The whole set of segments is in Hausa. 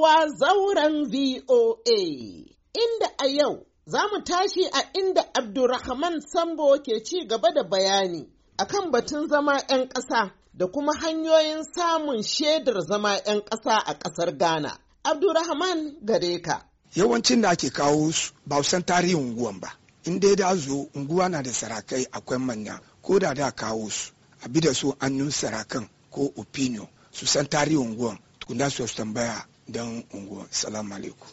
kowa zauren VOA, inda a yau za mu tashi a inda Abdurrahman Sambo ke ci gaba da bayani a kan batun zama 'yan ƙasa da kuma hanyoyin samun shaidar zama 'yan ƙasa a ƙasar Ghana. Abdurrahman gare ka. Yawancin da ake kawo su ba san tarihin unguwan ba, in dai da zo unguwa na da sarakai akwai manya ko da da kawo su, a bi da su annun sarakan ko opinion su san tarihin unguwan tukuna su tambaya Dan unguwa salamu alaikum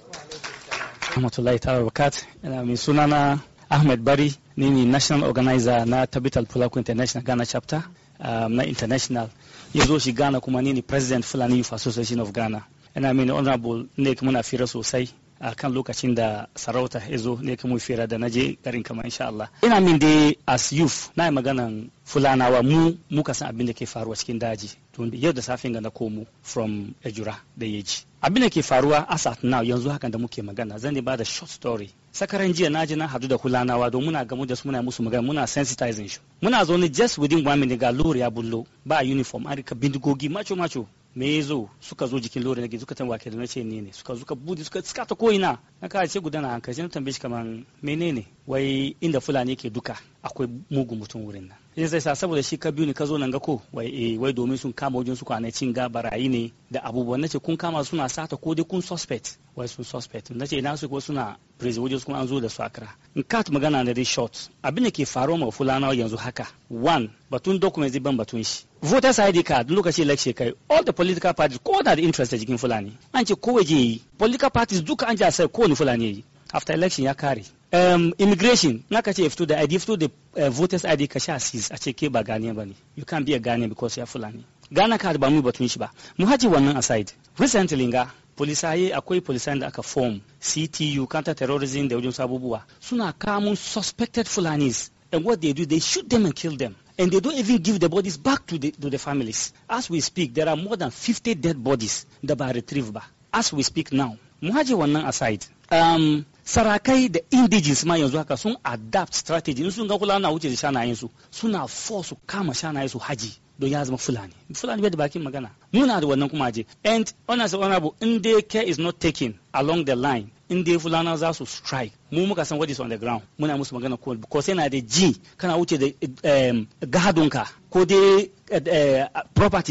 rahmatullahi ta'ala bakat ina mai sunana ahmed bari ni ne national organizer na tabital pulaku international ghana chapter um, na international ya zo shi ghana kuma ni ne president fulani youth association of ghana ina mai honorable ne muna fira sosai a kan lokacin da sarauta ya zo ne mun fira da na naje garin kamar insha Allah ina min dai as youth na yi maganan fulanawa mu muka san abin da ke faruwa cikin daji to yau da safin ga na komo from ejura da yeji abin da ke faruwa as at now yanzu hakan da muke magana zan ba da short story sakaran jiya na naji na hadu da fulanawa don muna gamu da su muna musu magana muna sensitizing shi muna zo ne just within one minute ga lori ya bullo ba uniform an rika bindigogi macho macho me zo suka zo jikin lori na suka tambaya ke da nace ne ne suka zuka budi suka tsaka ta ko ina na ka ce gudana hankali sai na tambaye shi kaman menene wai inda fulani ke duka akwai mugu mutum wurin nan yin sai sa saboda shi ka biyu ne ka zo nan ga ko wai eh wai domin sun kama wajen su kwana cin ga barayi ne da abubuwan nace kun kama suna sata ko dai kun suspect wai sun suspect nace ina su ko suna prison wajen kuma an zo da su akra in kat magana na dai short abin da ke faruwa ma fulana yanzu haka one batun document zai ban batun shi voters ID card look lokaci election kai all the political parties ko the interest cikin fulani an ce kowa je political parties duka an ji a sai kowane fulani yi after election ya kare um, immigration na ka ce ya fito the ID fito da uh, voters ID ka sha sis a ce ke ba Ghanian, bane you can't be a Ghanian because you're ya fulani Ghana card ba mu batun shi ba mu haji wannan aside recently nga polisaye akwai polisayen da aka form CTU counter terrorism da wajen abubuwa suna kamun suspected fulanis and what they do they shoot them and kill them and they don't even give the bodies back to the, to the families. As we speak, there are more than 50 dead bodies da ba retrieve ba. As we speak now, Muhaji wannan aside. Um, sarakai da indigenous ma yanzu haka adapt strategy in sun ga kula na wuce da shanayen su suna force kama haji don ya zama fulani fulani bai da bakin magana muna da wannan kuma je and honest honorable in dai care is not taken along the line in dai fulana za su strike mu muka san what is on the ground muna musu magana ko because yana da ji kana wuce da gadonka ko dai eh,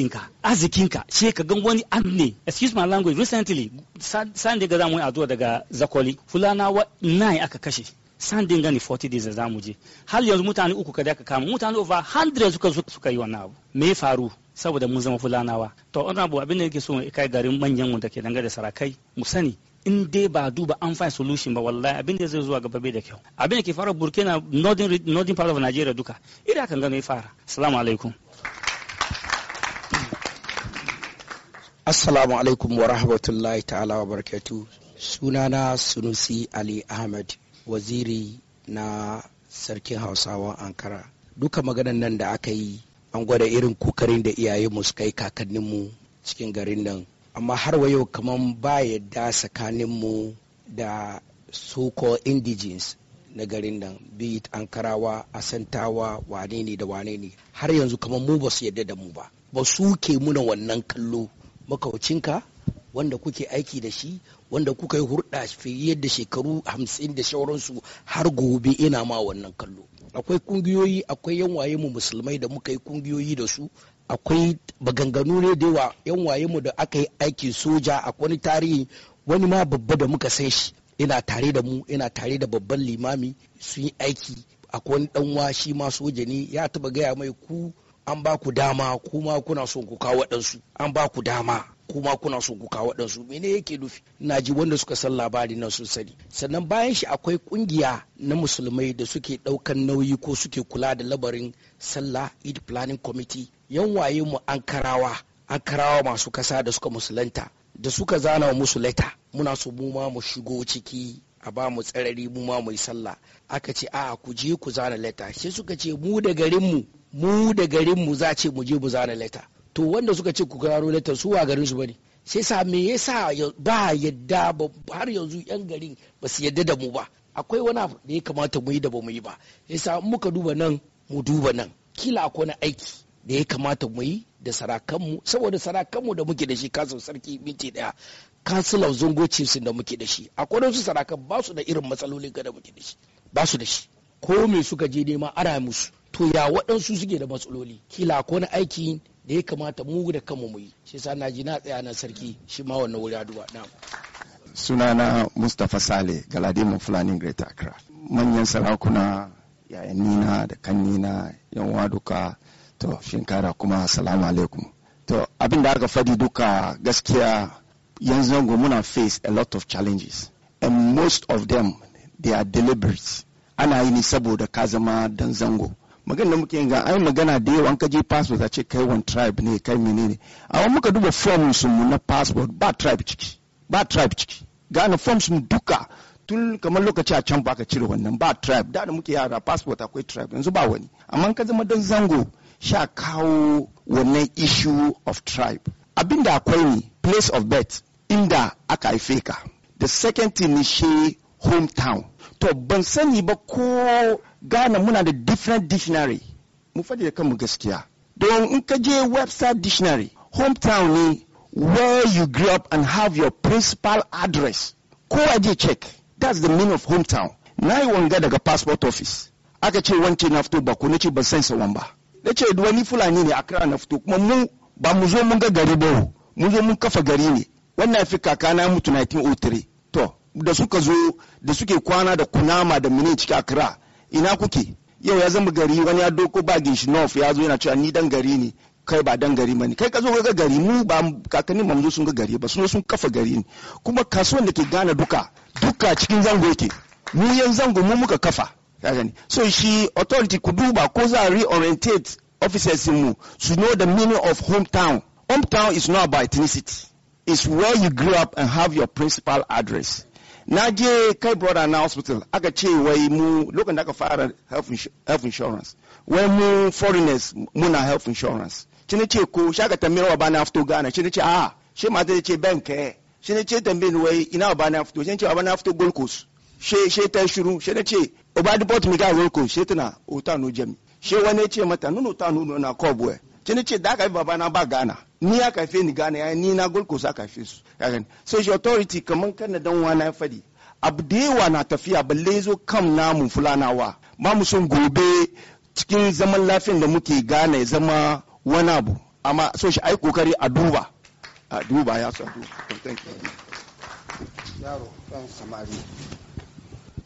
ka arzikinka she ka gan wani an ne excuse my language recently san da ga zamu addu'a daga zakoli fulana wa nine aka kashe sandin gani 40 days za mu je har yanzu mutane uku ka ka kama mutane over 100 suka zo suka yi wannan abu me faru saboda mun zama fulanawa to an abu abin da yake so kai garin manyan mu da ke dangane da sarakai mu sani in dai ba duba an find solution ba wallahi abin da zai zuwa gaba bai da kyau abin da ke fara burkina northern northern part of nigeria duka ira kan gano ya fara assalamu alaikum assalamu alaikum wa rahmatullahi ta'ala wa barakatuh sunana sunusi ali ahmed waziri na sarkin Hausawa ankara duka maganan nan da aka yi an gwada irin kokarin da iyayenmu su kai kakanninmu cikin garin nan amma har wa yau kamar ba yadda tsakaninmu da so indigens na garin nan bi ankarawa asantawa wane ne da wane ne har yanzu kamar mu ba su yadda da mu ba ba su ke muna wannan kallo makaucinka wanda kuke aiki da shi wanda kuka yi hurɗa fiye da shekaru hamsin da shauransu har gobe ina ma wannan kallo akwai kungiyoyi akwai yan waye mu musulmai da muka yi kungiyoyi da su akwai maganganu ne da yawa yan waye mu da aka yi aikin soja akwai wani tarihi wani ma babba da muka san shi ina tare da mu ina tare da babban limami sun yi aiki akwai wani danwa shi ma soja ne ya taba gaya mai ku an ba ku dama kuma kuna son ku kawo waɗansu an ba ku dama kuma kuna so ku kawo waɗansu mene yake nufi na ji wanda suka san labari na sun sani sannan bayan shi akwai kungiya na musulmai da suke ɗaukan nauyi ko suke kula da labarin sallah eid planning committee yan waye mu an karawa an karawa masu kasa da suka musulanta da suka zana musu leta muna so mu ma mu shigo ciki a ba mu tsarari mu ma mu yi sallah aka ce a'a ku je ku zana leta sai suka ce mu da garinmu mu da garinmu za ce mu je mu zana leta to wanda suka ce ku gano letter su wa garin su bane sai sa me yasa ba yadda har yanzu yan garin ba su yadda da mu ba akwai wani abu da ya kamata mu yi da ba mu yi ba yasa in muka duba nan mu duba nan kila akwai wani aiki da ya kamata mu yi da sarakanmu saboda sarakanmu da muke da shi kasu sarki minti daya lau zungo chiefs da muke da shi akwai wasu sarakan ba su da irin matsalolin da muke da shi ba su da shi ko me suka je nema ara musu to ya waɗansu suke da matsaloli kila ko na aiki da ya kamata mu da kanmu mu yi shi sa na ji na tsaya nan sarki shi ma wannan wuri aduwa na sunana mustapha sale galadima fulani greater accra manyan sarakuna yayan nina da kan nina yan duka to shinkara kuma salamu alaikum to abin da aka fadi duka gaskiya yanzu muna face a lot of challenges and most of them they are deliberate ana yi ni saboda ka zama dan zango magana da muke ga ai magana da yawa an ka je passport a ce kai one tribe ne kai ne amma muka duba forms mu na passport ba tribe ciki ba tribe ciki gane forms mu duka tun kamar lokaci a can baka cire wannan ba tribe da muke yara passport akwai tribe yanzu ba wani amma ka zama dan zango sha kawo wannan issue of tribe abinda akwai ne place of birth inda aka haife ka the second thing ni she hometown to ban sani ba ko Ghana muna da different dictionary. Mu faɗi da kanmu gaskiya. Don in ka je website dictionary, hometown ne where you grew up and have your principal address. ko a je check. That's the meaning of hometown. Na yi wanga daga passport office. Aka ce wance na fito ba ko na ce ban san sawan ba. Na ce wani Fulani ne Accra na fito kuma mu ba mu zo mun ga gari ba mu zo mun kafa gari ne. Wannan fi na mutu 1903. To da suka zo da suke kwana da kunama da mene ciki Accra ina kuke yau ya zama gari wani ya doko bagin shi nof ya zo yana cewa ni dan gari ne kai ba dan gari bane kai ka zo ga gari mu ba kakanni mu zo sun ga gari ba sun sun kafa gari ne kuma kasuwan da ke gane duka duka cikin zango yake mu yan zango mu muka kafa ka gani so shi authority ku duba ko za a reorientate officers mu to know the meaning of hometown hometown is not about ethnicity it's where you grew up and have your principal address na je kai brother na hospital aka ce wai mu lokacin da aka fara health insurance wai mu foreigners muna health insurance shi ce ko shaka tambayi wa bana fito gana shi ce a shi zai ce ban kai eh. shi ce tambayin wai ina wa bana fito shi ce wa bana fito gold coast she she ta shiru shi ne ce oba deport mi ga gold coast she tana ota no jami she wani ce mata nuno ta nuno na cobweb ni ce da aka yi babana ba gana ni ya kafe ni Ghana ya ni na golko sa kafe su so shi authority kaman na dan wana ya fadi abu da yawa na tafiya balle zo kam namu fulanawa ba mu son gobe cikin zaman lafiyan da muke Ghana ya zama wani abu amma so shi ai kokari a duba a duba ya su yaro samari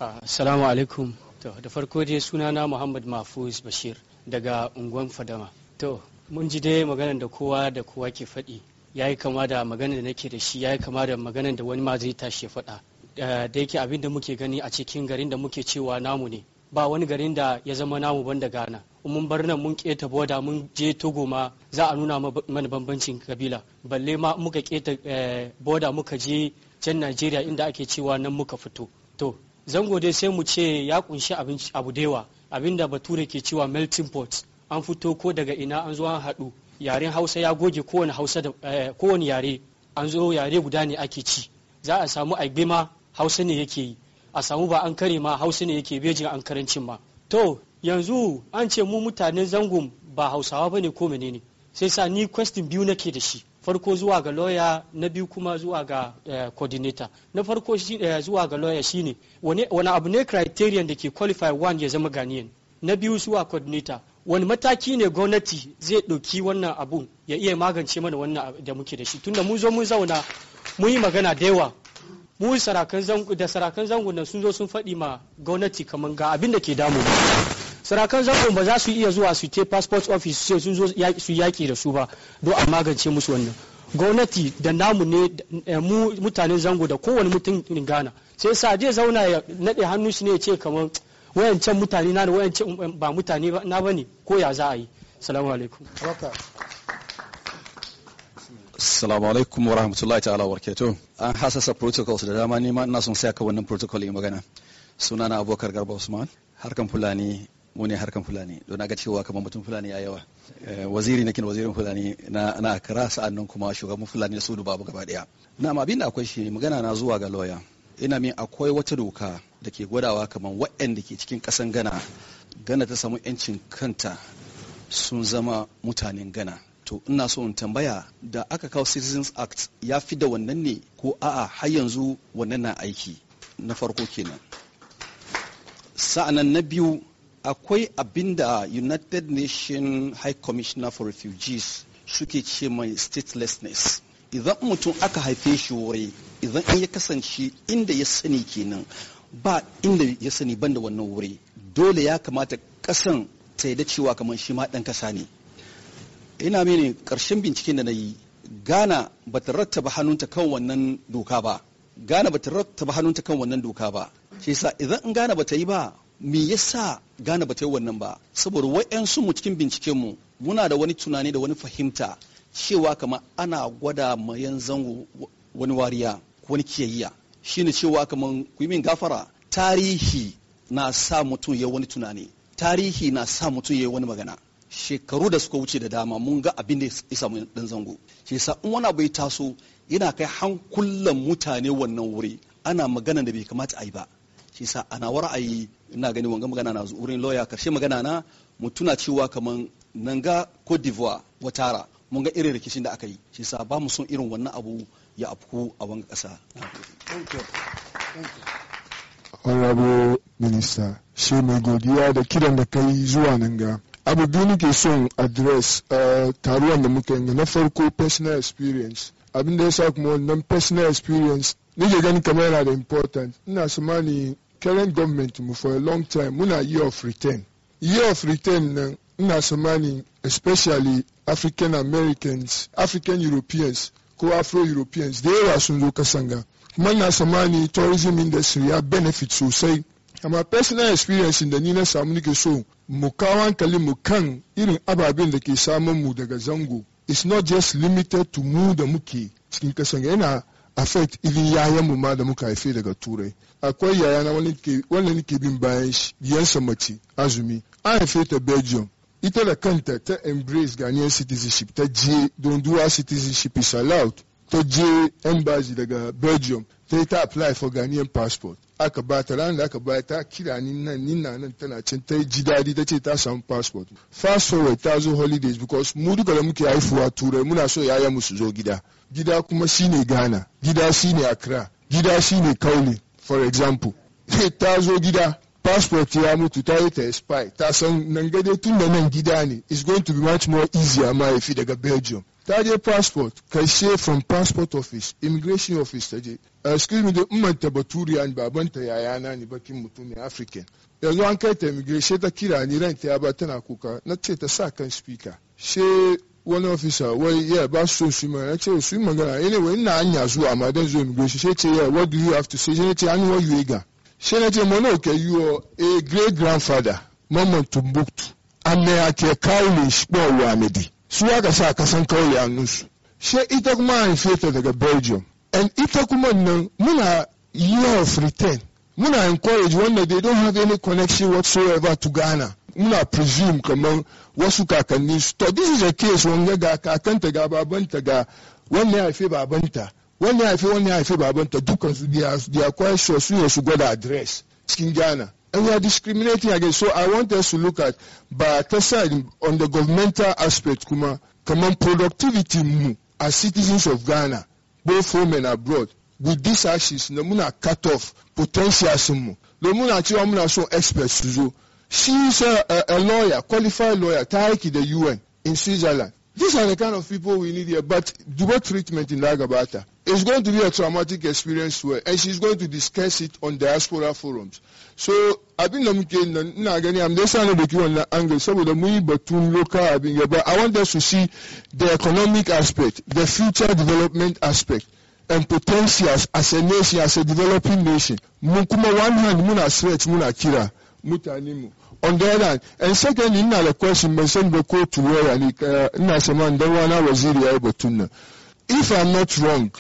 ah, assalamu alaikum to da farko dai sunana Muhammad Mahfuz Bashir daga unguwan Fadama to mun ji dai maganar da kowa da kowa ke faɗi ya yi kama da maganar da nake da shi ya yi kama da maganar da wani ma zai tashi faɗa eh, da yake abin da muke gani a cikin garin da muke cewa namu ne ba wani garin da ya zama namu banda gana mun bar nan mun keta boda mun je Togo ma za a nuna mana bambancin kabila. Balle ma muka keta eh, boda muka je can Najeriya inda ake cewa nan muka fito. To, zango dai sai mu ce ya kunshi abu da abinda bature ke cewa melting pot an fito ko daga ina an zo an haɗu yaren hausa ya goge kowane hausa da eh, kowane yare an zo yare guda ne ake ci za a samu ma hausa ne yake yi a samu ba an kare ma hausa ne yake bejin an karancin ma to yanzu an ce mu mutanen zangon ba hausawa ba ne ko menene sai sa ni question biyu nake da shi farko zuwa ga lawyer na biyu kuma zuwa ga eh, coordinator na farko eh, zuwa ga lawyer shine wani abu ne criterion da ke qualify one ya zama ganiyan na biyu zuwa coordinator wani mataki ne gwamnati zai ɗauki wannan abu ya iya magance mana wannan da muke da shi tunda mun zo mun zauna mun yi magana da yawa mu sarakan zango da sarakan zango nan sun zo sun faɗi ma gwamnati kamar ga abin da ke damu sarakan zango ba za su iya zuwa su te passport office sai sun zo su yaƙi da su ba don a magance musu wannan gwamnati da namu ne eh, mu mutanen zango da kowane mutum gana sai sa je zauna ya naɗe hannu shi ne ya ce kamar wayancan mutane na ne wayancan ba mutane na ba ne ko ya za a yi salamu alaikum Salamu alaikum wa rahmatullahi ta'ala wa An hasasa protocols da dama nema ina son sai ka wannan protocol yi magana. Suna na abokar Garba Usman, harkan Fulani mu ne harkan Fulani. Don ga cewa kamar mutum Fulani ya yawa. Eh, waziri na kin wazirin Fulani na na Accra sa'annan kuma shugaban Fulani da su babu gaba daya. Na ma abin da akwai shi magana na zuwa ga lawyer. ina min akwai wata doka da ke gwadawa kamar waɗanda ke cikin ƙasan gana gana ta samu 'yancin kanta sun zama mutanen gana to ina so in tambaya da aka kawo citizens act ya fi da wannan ne ko a'a har yanzu wannan na aiki na farko kenan sa'anan na biyu akwai abinda da united Nation high commissioner for refugees suke ce mai statelessness idan mutum aka haife shi wuri idan in ya kasance inda ya sani kenan ba inda ya sani banda wannan wuri dole ya kamata kasan ta yi cewa kamar shi ma ɗan kasa ne ina mene karshen binciken da na yi gana ba ta rattaba hannunta kan wannan doka ba gana ba ta rattaba hannunta kan wannan doka ba shi yasa idan in gana ba ta yi ba me yasa gana ba ta yi wannan ba saboda wa'yansu mu cikin binciken mu muna da wani tunani da wani fahimta cewa kamar ana gwada yan zango wani wariya wani kiyayya shine cewa kaman ku min gafara tarihi na sa mutum ya wani tunani tarihi na sa mutum ya wani magana shekaru da suka wuce da dama mun ga abin da ya samu dan zango shi yasa in wani abu ya taso yana kai hankulan mutane wannan wuri ana magana da bai kamata a yi ba shi yasa ana wa ra'ayi ina gani wanga magana na wurin lawyer karshe magana na mu tuna cewa kaman nan ga Cote d'Ivoire watara mun ga irin rikicin da aka yi shi yasa ba mu son irin wannan abu ya afku a wani ƙasa. Honorable Minister, shi mai godiya da kiran da kai zuwa nan ga. Abu biyu nake son address eh, taruwan da muka yi na farko personal experience. Abin da ya sa kuma wannan personal experience nake gani kamar yana da important. Ina su mani current government mu for a long time muna year of return. Year of return nan ina su mani especially African Americans, African Europeans ko afro-europeans da yawa sun zo kasan ga kuma na samani tourism industry ya benefit sosai amma personal experience da ni na samu nake so mu kawo hankali mu kan irin ababen da ke samun mu daga zango it's not just limited to mu da muke cikin kasan yana affect irin yayan mu ma da muka haife daga turai akwai yaya na wani nake bin bayan shi biyansa mace azumi an haife ta belgium ita da kanta ta embrace Ghanaian citizenship ta je don duwa citizenship is allowed ta je embassy daga Belgium ta yi ta apply for Ghanaian passport aka ba ta ranar da aka ba ta kira ni nan ni na nan tana can ta ji daɗi ta ce ta samu passport fast forward ta zo holidays because mu duka da muke haifuwa turai muna so yaya mu su zo gida gida kuma shine Ghana gida shine Accra gida shine Kauli for example ta zo gida passport ya mutu ta yi ta expire ta san nan gade tun da nan gida ne is going to be much more easier ma yafi daga belgium ta je passport karshe from passport office immigration office ta je uh, excuse me da umanta baturiya ne babanta yayana ne bakin mutumin african yanzu an kai ta immigration ta kira ni ranta ya ba tana kuka na ce ta sa kan speaker she wani ofisa wai ya ba su su ma na ce su magana anyway ina hanya zuwa ma dan zo immigration she ce ya what do you have to say she ce an wa yuega Senator Monoke, you are a great grandfather, Maman Tumbuktu, and they are a Kaulish Wamedi. Su aka sa kasan kauye a nusu. She ita kuma haife ta daga Belgium. And ita kuma nan muna year of return. Muna encourage one that they don't have any connection whatsoever to Ghana. Muna presume kamar wasu kakanni su. To this is a case wanda ga kakanta ga babanta ga wanda ya haife babanta wani haifi wani haifi to do because they are quite sure we also got gwada address cikin Ghana and we are discriminating against so I want us to look at but aside on the governmental aspect kuma kaman productivity mu as citizens of Ghana both home and abroad with these ashes na muna cut off potential mu don muna cewa muna son experts su zo she is a, a, a lawyer qualified lawyer ta aiki the UN in Switzerland these are the kind of people we need here but do what treatment in Lagabata it's going to be a traumatic experience for her, and she's going to discuss it on diaspora forums. So I've been looking at gani am dai na baki wannan angle the mun yi batun local abin I want us to see the economic aspect, the future development aspect. and potentials as a nation as a developing nation mun one hand muna stretch muna kira mutane animu. on the other hand and secondly ina da question ban san ba ko tuwaya ne ina sama waziri yayi if i'm not wrong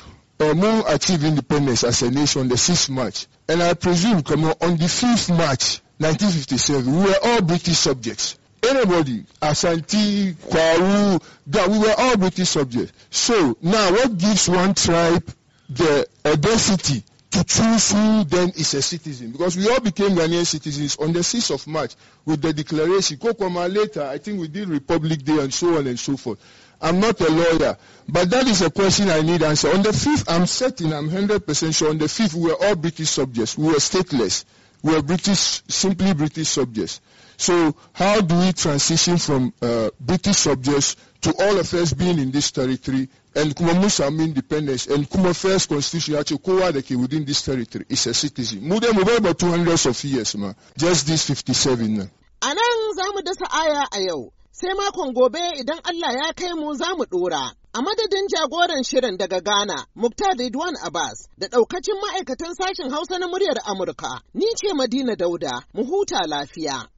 Omo achieved independence as a nation the 6th March. And I presume, come on, the 5th March 1957, we were all British subjects. Anybody, Asante, Kwaru, that we were all British subjects. So now what gives one tribe the audacity to choose who then is a citizen because we all became Ghanaian citizens on the 6th of March with the declaration. Kokoma later, I think we did Republic Day and so on and so forth. I'm not a lawyer. But that is a question I need answer. On the 5th, I'm certain, I'm 100% sure, on the 5th, we were all British subjects. We were stateless. We were British, simply British subjects. So how do we transition from uh, British subjects to all of us being in this territory and Kumamusa independence and Kuma first constitution actually Kowadeke within this territory is a citizen. Mu dai mu 200 of years ma, just this 57 na. A nan aya sai makon gobe idan Allah ya kai mu za mu ɗora. A madadin jagoran shirin daga Ghana, Muktar Ridwan Abbas, da ɗaukacin ma'aikatan sashen Hausa na muryar Amurka, ni ce Madina Dauda, mu huta lafiya.